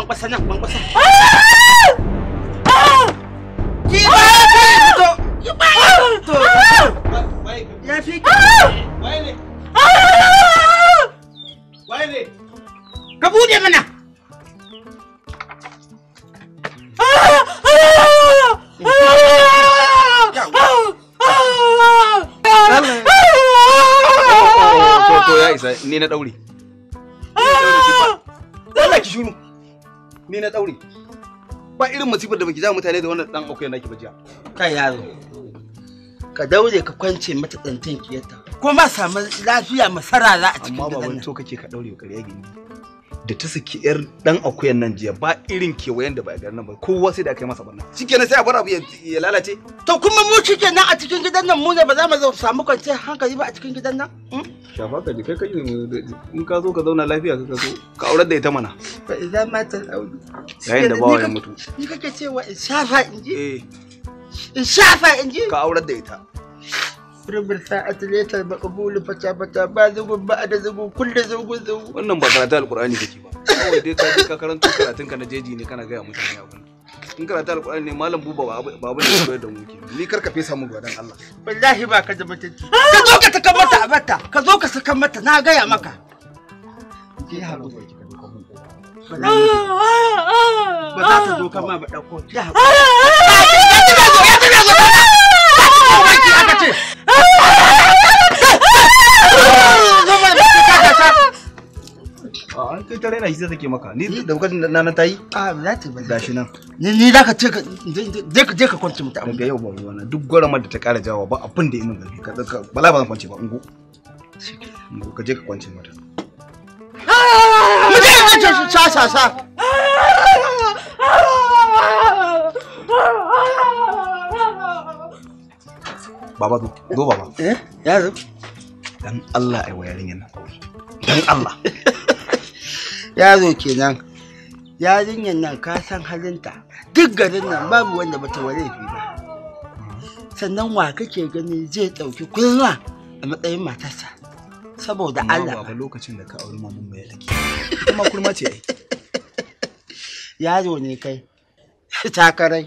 bangpasan na, bangpasan. Ah! Ah! Gina! Ah! Ito! Yung bayan! Ito! Yan, Flick! Wiley! Wiley! Kabuli man na! Ni na daure. irin masifar da baki ja mutane da wannan dan akwai naki bajiya kai yaro ka daure ka kwance mata tsantan kiyata ko ma samu lafiya masara za a cikin amma ba wani to kake ka daure ka rage ni da ta saki yar dan akuyan nan jiya ba irin kewayen da ba ga nan ba kowa sai da kai masa barna shikenan sai a bar abu ya lalace to kuma mu shikenan a cikin gidan nan mu ne ba za mu samu kwanciyar hankali ba a cikin gidan nan hmm? shafa ka ji kai kai in ka zo ka zauna lafiya ka zo ka aurar da ita mana ba idan ma ta auri yayin da bawa ya mutu ni kake cewa in shafa in ji eh in shafa in ji ka aurar da ita rubin sa'at latar maqbul fata fata ba zugun ba da zugun kullu zugun zugun wannan ba karatu alqur'ani kake ba kawai dai ka karanto karatun ka na jeji ne kana ga mutane abin in karanta alƙur'ani ne malam buba ba abin da da mu ke ni kar ka fesa mu ba dan Allah wallahi ba ka da ka zo ka saka mata a bata ka zo ka saka mata na gaya maka ki ba za ta zo ma ba ɗauko ki ita raina shi take maka ni da bukatun na na tayi a za ta ba nan ni ni zaka ce ka je ka je ka kwance mata amma yau ba wannan duk da ta kara jawo ba abin da ya min bala ba zan kwance ba ungo ka je ka kwance mata mu je sa sa sa Baba zo, zo baba. Eh, ya zo. Dan Allah ai Dan Allah. yaro kenan yarinyar nan ka san halinta duk garin nan babu wanda bata ware fi ba sannan wa kake gani zai ɗauki kurna a matsayin matarsa saboda Allah ba lokacin da ka auri mamun mai kuma kurma ce yaro ne kai takarai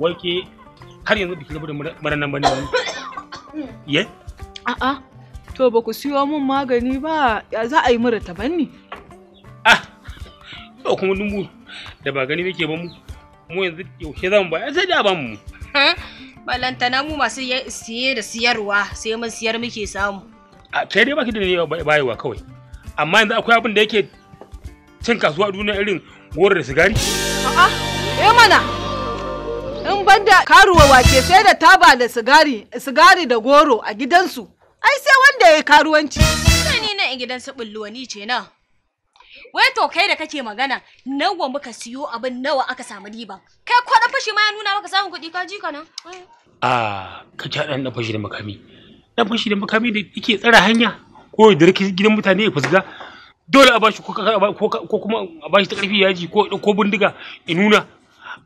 wake har yanzu biki rabu da maranan bane ne mm. ye a'a to ba ku siyo min magani ba ya za a yi mura ta banni ah to kuma dumbu da ba gani nake ba mu mu yanzu yaushe zan ba sai da ban mu balantana mu masu siye da siyarwa sai mun siyar muke samu a kai dai baki da ne bayewa kawai amma yanzu akwai abin da yake cin kasuwa duniya irin goro da sigari a'a eh mana in banda karuwa wake sai da taba da sigari sigari da goro a gidansu ai sai wanda ya karuwanci ni na gidan su bulluwa ni ce na wai to kai da kake magana nawa muka siyo abin nawa aka samu riba kai ko dan fashi ma ya nuna maka samun kuɗi ka ji ka nan ah ka ta dan da fashi da makami dan fashi da makami da yake tsara hanya ko da gidan mutane ya fusga dole a bashi ko kuma a bashi ta karfi yaji ko ko bindiga ya nuna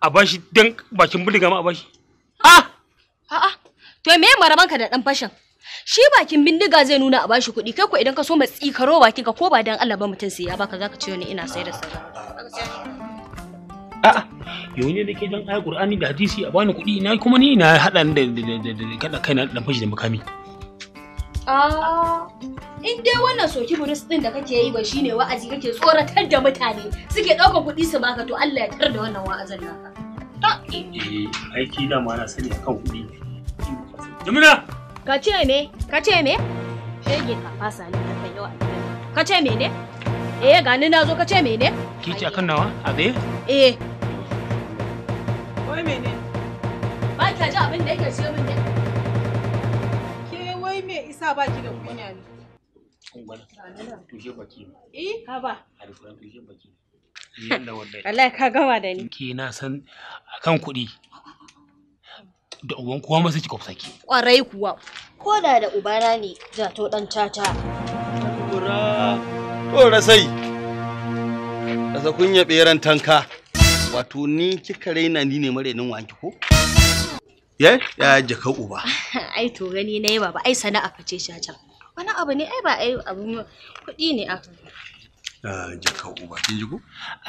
a bashi dan bakin bindiga ma a bashi a a to me ka da dan fashin shi bakin bindiga zai nuna a bashi kuɗi kai ko idan ka so mai tsikaro bakin ka ko ba dan Allah ba mutum sai ya baka zaka ce ni ina sai da sai a'a yau ne nake dan ayi Qur'ani da hadisi a bani kuɗi ina kuma ni ina hada da kada kaina dan fashi da makami Ah. in dai wannan soki buris din da kake yi ba shine wa'azi kake tsoratar da mutane suke ɗaukar kuɗi su baka to Allah ya tar da wannan wa'azin naka. Eh, eh, aiki da ma na sani akan kuɗi. Jamila! Ka ce me? Ka ce me? Shege ka fasa ni kan yau a gidan. Ka ce me ne? Eh ga ni na zo ka ce me ne? Ki ce akan nawa? A tsaye? Eh. Wai mene? Ba ki ji abin da yake ce min ne? isa baki da kunya ne eh, Allah ka gama da ni. Ke na san akan kuɗi da uban kowa masu ki kwafsa ki. Ƙwarai kuwa. Ko da da ubana ne zato dan tata. Tura, to rasai. Rasa kunya ɓeran tanka. Wato ni kika raina ni ne marainin wanki ko? ya jaka uba ai to gani na yi baba ai sana'a ce shi can wani abu ne ai ba ai abu kuɗi ne aka jaka uba kin ji ko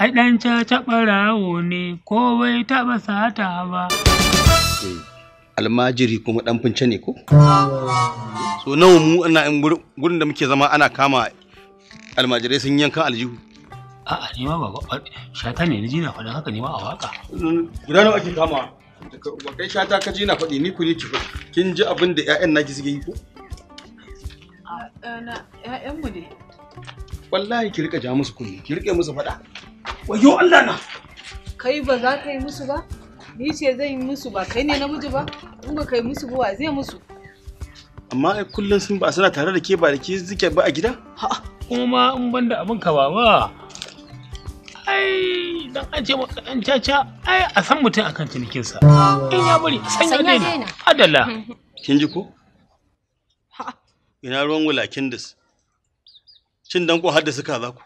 ai dan ca taɓa rawo ne ko bai taɓa sata ba eh, almajiri kuma dan fince ne ko so nawa mu ana gurin da muke zama ana kama almajirai sun yanka aljihu a'a ne ma ba shata ne ni ji na faɗin haka ne ma a waka guda nawa ake kama ba kai sha ka ji na faɗi ni ku ne ki faɗi kin ji abin da ƴaƴan naki suke yi ko ƴaƴan mu ne wallahi ki rika ja musu kunni ki rike musu faɗa wayo Allah na kai ba za ka yi musu ba ni ce zan yi musu ba kai ne namiji ba in ba kai musu ba zai musu amma ai kullun sun ba suna tare da ke ba da ke zike ba a gida kuma in banda abin ka ba ba ai dan an ce an caca ai a san mutum akan cinikinsa in ya bari a san ya daina adala kin ji ko ina ruwan wulakin dis cin dan ko haddasa ka za ku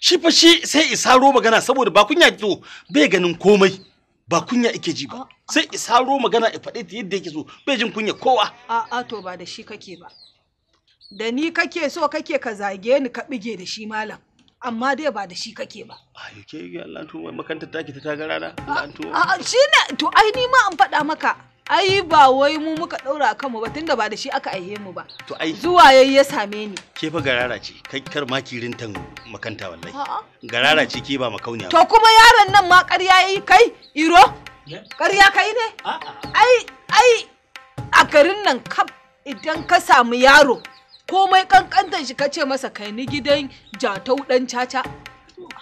shi fa shi sai isa ro magana saboda ba kunya to bai ganin komai ba kunya ike ji ba sai isa ro magana ya faɗe ta yadda yake so bai jin kunya kowa a'a to ba da shi kake ba da ni kake so kake ka zage ni ka bige da shi malam amma dai ba da shi kake ba. yi ke yi Allah to makantar taki ta tagara na. A shi ne to ai ni ma an faɗa maka. Ai ba wai mu muka ɗaura kanmu ba tunda ba da shi aka aihe mu ba. To ai zuwa yayi ya same ni. Ke fa garara ce kai kar ma rintan makanta wallahi. Garara ce ke ba makauniya. To kuma yaron nan ma ƙarya yayi kai iro. Ƙarya kai ne? Ai ai a garin nan kaf idan ka samu yaro komai kankantan shi kace masa kai ni gidan jatau dan caca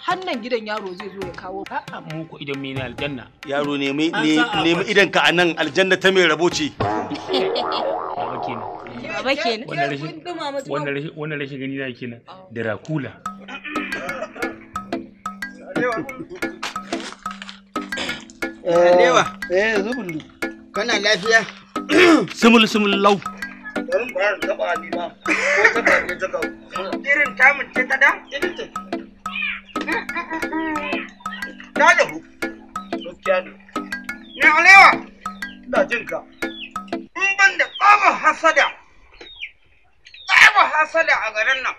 hannan gidan yaro zai zo ya kawo ka mu ko idan mai aljanna yaro ne mai nemi idan ka anan aljanna ta mai rabo ce baba kenan baba kenan wannan rashin wannan rashin gani na kenan dracula eh, Alewa. Eh, zubulu. Kana lafiya? Sumul sumul lau. bari ba ran taba abi ba ko ta ba ta kawo irin tamun ce ta da ta da ku gaskiya ne ne alewa ina jin ka in ban da babu hasada babu hasada a garin nan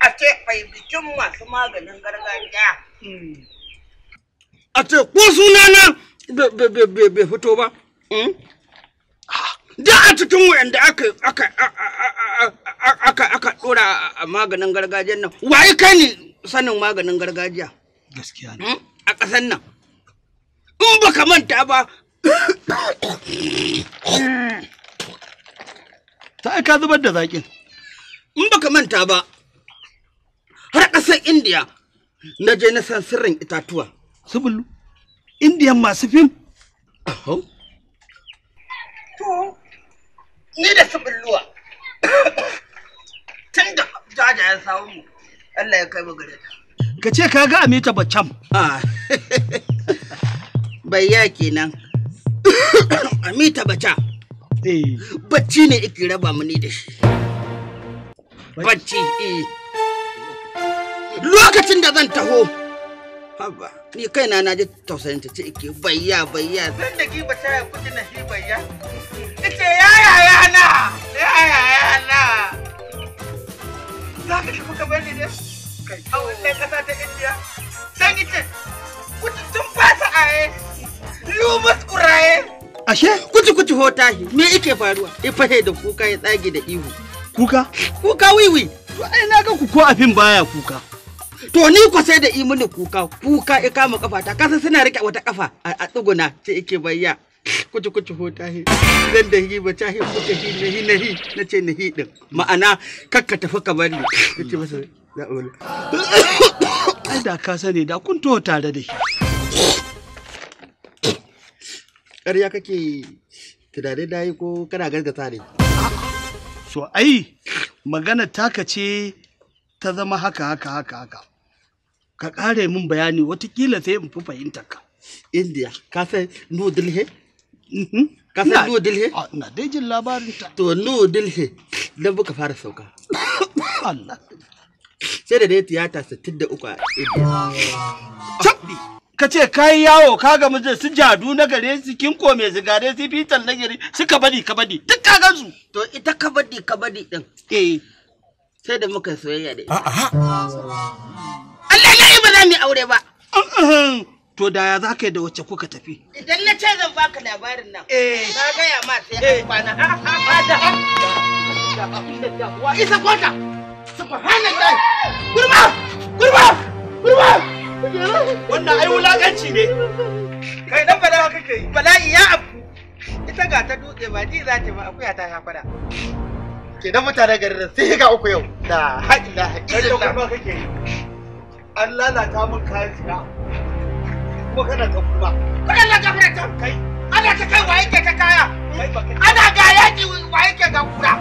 a ce ai bikin masu maganin gargajiya hmm. a ce ko sunana bai fito ba hmm? duk a cikin wayanda aka aka aka aka dora a maganin gargajiyar nan waye kai ne sanin maganin gargajiya gaskiya ne hmm? a ƙasan nan in baka manta ba ta ka zubar da zakin in baka manta ba har ƙasar indiya na je na san sirrin itatuwa subulu indiyan masu fim Oh. ni da su bulluwa tun da jaja ya samu mu Allah ya kai mu gare ta ka ce ka ga amita baccam ah. bayya kenan amita bacca eh. bacci ne iki raba mu ni da shi bacci eh. lokacin da zan taho haba ni kaina na ji tausayin ta ce ike bayya bayya zan da ki bata ya kuji na shi bayya ita yaya yana yaya yana za ka ka bani ne a wannan kasa ta indiya dan ita kuci tun fasa aye lumus kuraye ashe kuci kuci hotahi me yake faruwa da kuka ya tsage da ihu kuka kuka wiwi to ai na ga ku ko afin baya kuka to ni ko sai da imini kuka kuka ya kama kafa ta kasa suna rike wata kafa a tsuguna ce yake bayya kuch kuch hota hai dil dahi bacha hai kuch hi nahi nahi na nahi din ma'ana kakka tafi ka bari kace masa masa za'ula ai da ka sani da kun to tare da shi ƙarya kake tunane da yi ko kana gargata ne so ai magana taka ce ta zama haka haka haka haka ka kare min bayani watakila sai in fi fahimtar ka india ka san nudul he Mhm. ka san nuwa dilhe na dai jin labarin ta to nuwa dilhe dan buka fara sauka Allah sai da dai tiyata 63 a cabbi ka ce kai yawo ka ga mu su jadu na gare su kinko mai zigare su fitan na gare su kabadi kabadi duk ka gansu to ita kabadi kabadi din eh sai da muka soyayya da ita Allah ya yi ba za mu aure ba to da ya za ka yi da wacce kuka tafi idan na ce zan baka labarin nan eh na gaya ma sai ka eh. kwana ah, ah, ah, wa isa kwata subhanallah kurma, kurma, kurma. wannan ai wulakanci ne kai dan bala kake yi bala'i ya abu ita ga ta dutse ba ji za ta ba akuya ta ya fada ke da mutane garin sai ga uku yau da haƙi da haƙi da kake yi an lalata min kayan shiga kuma kana ta kuma ko na ka fara ta kai ana ta kai waye ke ta kaya ana ga yaki waye ke ga kura